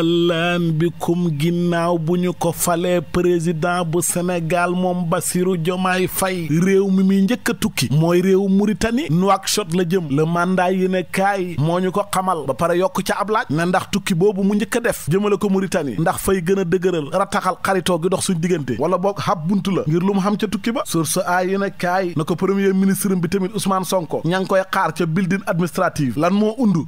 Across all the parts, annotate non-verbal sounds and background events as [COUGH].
ahlan bikum ginnaaw bu ñu ko falee président bu Sénégal moom Bassirou Diomaye Faye réew mi muy njëkk tukki mooy réew Mauritanie Nouakchott la jëm le mandat yéene kaay moo ñu ko xamal ba pare yokk ca ab laaj ne ndax tukki boobu mu njëkk def jëmale ko Mauritanie ndax fay gën a dëgëral rataxal xaritoo gi dox suñ diggante wala boo xab bunt la ngir lu mu xam ca tukki ba source a yéene kaay na ko premier ministre bi tamit Ousmane Sonko ña ngi koy xaar ca building administrative lan moo undu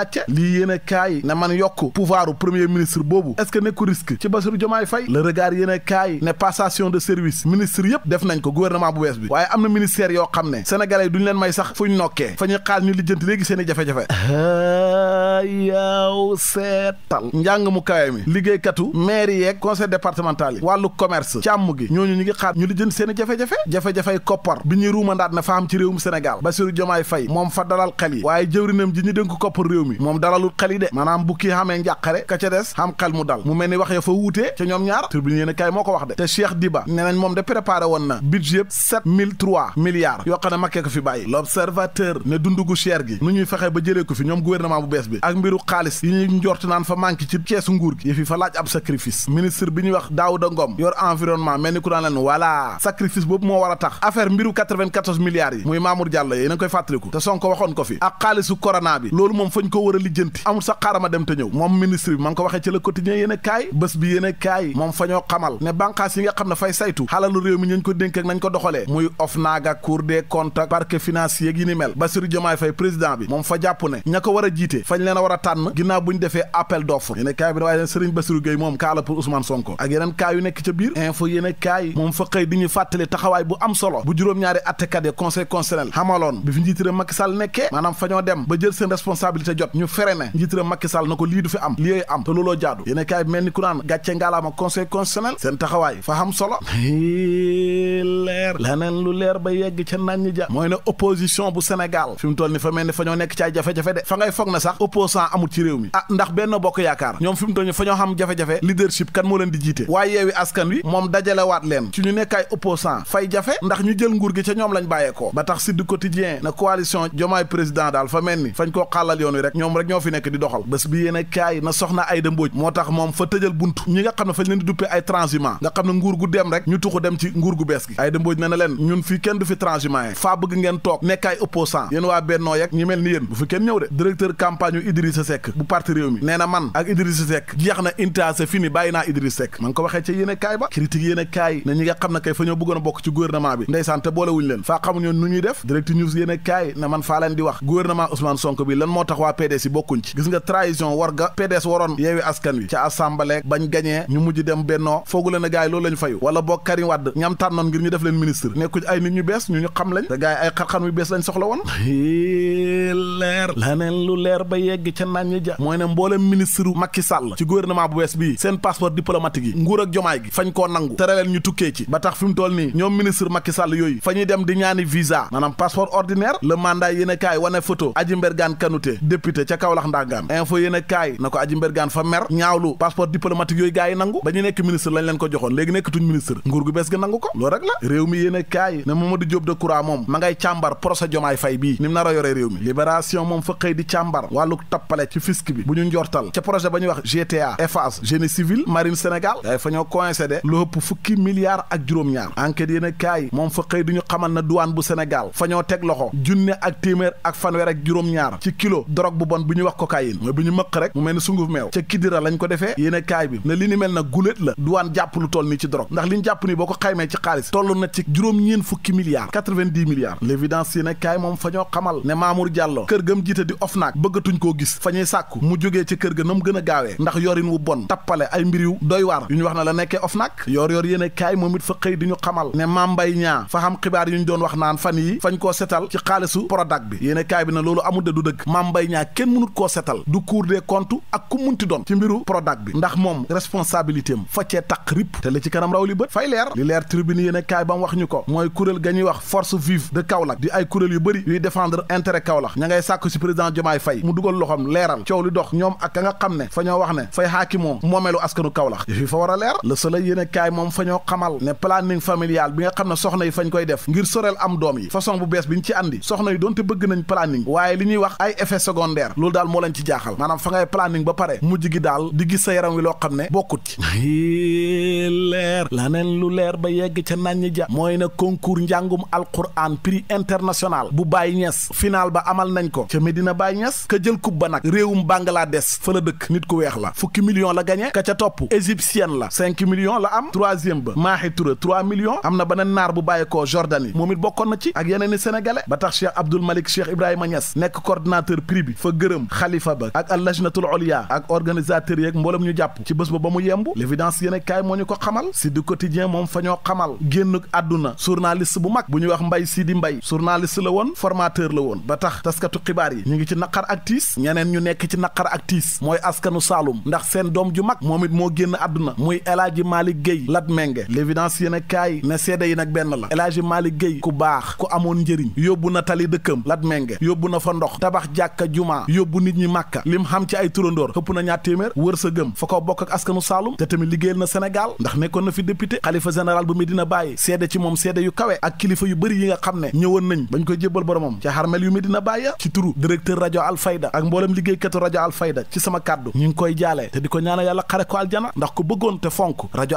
a yéen a kaay ne man yokk pouvoiru premier ministre boobu est-ce que nekku risque ci Bassirou Diomaye Faye le regard yéen a kaay ne passation de service ministre yëpp def nañ ko gouvernement bu bees bi waaye am na ministère yoo xam ne sénégalais yi duñ leen may sax fuñ nokkee fa ñu xaal ñu lijjanti léegi seen i jafe-jafe ah, yaaw seetal njàng mu kawe mi liggéeykatu maire yeeg conseil départemental yi wàllu commerce càmm gi ñooñu ñu ngi xaar ñu lijjanti seen i jafe-jafe jafe-jafey koppar bi ñuy ruumandaat fa am ci réewum Sénégal Bassirou Diomaye Faye moom fa dalal xel yi waaye jëwrinam ji ñu dénk koppar réew mi moom dalalu dalal xel yi de maanaam bu kii njàqare ka ca des xam xel mu dal mu mel ni wax ya fa wuutee ca ñoom ñaar tribune yéen kay moo ko wax de te Cheikh Diba ne nañ moom de préparé woon na budget sept mille trois milliards yoo xam ne makkee ko fi bàyyi l'observateur ne dundu gu gi nu ñuy fexe ba jëlee ko fi ñoom gouvernement bu bees bi ak mbiru xaalis yi ñuy njort naan fa manqué ci keesu nguur gi yëfi fa laaj ab sacrifice ministre bi ñuy wax Daouda Ngom yor environnement mel ni ku naan leen voilà sacrifice boobu moo war a tax affaire mbiru 94 milliards yi muy Mamour koy fàttaliku te Sonko waxoon ko fi ak xaalisu corona ko war a lijjanti metti sa sax xaarama dem te ñëw moom ministre bi ma ngi ko waxee ci le quotidien yéen a kaay bés bi yéen kaay moom fa ñoo xamal ne bànqaas yi nga xam ne fay saytu xalalu réew mi ñu ko dénk ak nañ ko doxalee muy OFNAC ak Cour des comptes ak parquet financier yi ni mel Bassirou Diomaye Faye président bi moom fa jàpp ne ña ko war a jiite fañ leen a war a tànn ginnaaw bu ñu defee appel d'offre yéen a kaay bi ne waaye leen Serigne Bassirou moom kaala pour Ousmane Sonko ak yeneen kaay yu nekk ca biir info yéen ñu fàttali taxawaay bu am solo bu juróom-ñaari attekat ya conseil constitutionnel xamaloon bi fi njiitire maanaam fa dem ba jël seen responsabilité jot ñu fere ne njiitëram Macky Sall na ko lii du fi am lii am te loo jaadu yéen kaay bi mel ni ku naan gàcce ngaalaama conseil constitutionnel seen taxawaay fa xam solo [LAUGHS] leer leneen lu leer ba yegg ca naan ñi ja mooy ne opposition bu Sénégal fi mu toll ni fa mel ni fa ñoo nekk ci ay jafe-jafe de fa ngay foog na sax opposant amul ci réew mi ah ndax benn bokk yaakaar ñoom fi mu toll ni fa ñoo xam jafe-jafe leadership kan moo leen di jiite waaye yeewi askan wi moom dajalewaat leen ci ñu nekk ay opposant fay jafe ndax ñu jël nguur gi ca ñoom lañ bàyyeekoo ba tax si du quotidien na coalition jomaay président daal fa koo xàllal yoon rek ñoom rek ñoo fi nekk nekk di doxal bés bi yéen a na soxna Ayda Mbóoj moo tax moom fa tëjal bunt ñi xam na leen ñun bëgg na bokk ci gouvernement bi ndeysaan te boole wuñu leen faa xamuñu nu ñuy def direct news yéen a kaay man faa leen di wax gouvernement Ousmane Sonko bi lan moo tax waa PDS yi bokkuñ ci wàcc gis nga trahison war ga PDS waroon yeewi askan wi ca assemblée bañ gañee ñu mujj dem bennoo foogule na gaay loolu lañ fayu wala boo Karim Wade ñam tànnoon ngir ñu def leen ministre nekku ay nit ñu bees ñu ñu xam lañ te gaay ay xar-xar yu bees lañ soxla woon [LAUGHS] leer laneen lu leer ba yegg ca naan ñi ja mooy ne mboolem ministre Macky Sall ci gouvernement bu bees bii seen passeport diplomatique yi nguur ak jomaay gi fañ koo nangu tëraleen ñu tukkee ci ba tax fi mu toll nii ñoom ministre Macky Sall yooyu fa ñuy dem di ñaani visa maanaam passeport ordinaire le mandat yéen a kaay wane photo Aji Mbergane ca Kaolack ndàggaam info yéen a kaay na ko aji mbergaan fa mer ñaawlu passeport diplomatique yooyu gaa yi nangu ba nekk ministre lañ leen ko joxoon léegi nekkatuñ ministre nguur gu bees gi nangu ko loolu rek la réew mi yéen a kaay ne Mamadou Diop Decroix moom ma ngay càmbar procès jomaay fay bii ni mu a yore réew mi libération moom fa di càmbar wàllu tappale ci fisc bi bu ñu njortal ca projet ba wax GTA Eiffage génie civil marine Sénégal yaay fa a cocaïne mooy bu ñu mëq rek mu mel ni sunguf meew ca Kidira lañ ko defee yéene kaay bi ne li ni mel nag guléet la duwaan jàpp lu toll nii ci drogue ndax li jàpp nii boo ko xaymee ci xaalis toll na ci juróom-ñeen fukki milliards 90 milliards l'évidence kaay moom fa ñoo xamal ne Mamour Diallo kër gam jiite di OFNAC bëggatuñ koo gis fa ñuy sàkku mu jógee ci kër ga nam gën a gaawee ndax yorin wu bon tappale ay mbir yu doy waar yu ñu wax na la nekkee OFNAC yoor yoor yéene kaay moom it fa xëy di ñu ñu doon wax naan fan yi koo setal ci xaalisu Prodac bi yéene kaay bi ne loolu amul koo setal du cour des comptes ak ku munti doon ci mbiru Prodac bi ndax moom responsabilité am fa cee taq rip te li ci kanam raw li bët fay leer li leer tribune yéen a kaay ba wax ñu ko mooy kuréel ga ñuy wax force vive de Kaolack di ay kuréel yu bëri yuy défendre intérêt Kaolack ña ngay sàkku si président Diomaye Faye mu dugal loxoom leeral coow li dox ñoom ak ka nga xam ne fa ñoo wax ne fay xaaki moom moomeelu askanu Kaolack yëf yi fa war a leer le soleil yéen a kaay moom fa ñoo xamal ne planning familial bi nga xam ne soxna yi fañ koy def ngir soreel am doom yi façon bu bees bi ñu ci àndi soxna yi doonte bëgg nañ planning waaye li ñuy wax ay effet secondaire dong lañ ci jaaxal maanaam fa ngay planning ba pare mujj gi daal di gis sa yaram wi loo xam ne bokkut ci leer laneen lu leer ba yegg ca nañ ja mooy ne concours njàngum alquran prix international bu bàyyi Niass final ba amal nañ ko ca Medina Baye Niass ka jël ba nag réewum Bangladesh fa la dëkk nit ku weex la fukki million la gagné ka ca topp égyptienne la cinq millions la am troisième ba Mahi Touré trois millions am na beneen naar bu bàyyeekoo Jordanie moom it na ci ak yeneen i sénégalais ba tax Cheikh Abdoul Malick Cheikh Ibrahima Niass xalifa ba ak allajnatul olia ak organisateur yeeg mboolem ñu jàpp ci bés ba ba mu yemb l'évidence yéen kaay moo ñu ko xamal si du quotidien moom fa ñoo xamal génnuk àdduna journaliste bu mag bu ñuy wax mbay si di mbay journaliste la woon formateur la woon ba tax taskatu xibaar yi ñu ngi ci naqar ak tiis ñeneen ñu nekk ci naqar ak tiis mooy askanu saalum ndax seen doom ju mag moom it moo génn àdduna muy El Hadji Malick Gueye lat menge l'évidence yéen kaay ne seede yi nag benn la El Hadji Malick Gueye ku baax ku amoon njëriñ yóbbu na tali dëkkam lat menge yóbbu na fa ndox tabax jàkka juma yóbbu nit ñi màkka lim xam ci ay turandoor xëpp na ñaar téeméer wër sa gëm fa ko bokk ak askanu saalum te tamit liggéeyal na Sénégal ndax nekkoon na fi député xalifa général bu Medina bàyyi seede ci moom seede yu kawe ak kilifa yu bëri yi nga xam ne ñëwoon nañ bañ koy jébbal moom ci xarmel yu mi Medina Baye ya ci turu directeur rajo Alfayda ak mboolem liggéeykatu rajo Alfayda ci sama kàddu ñu ngi koy jaalee te di ko ñaanal yàlla xare ko aljana ndax ko bëggoon te fonk rajo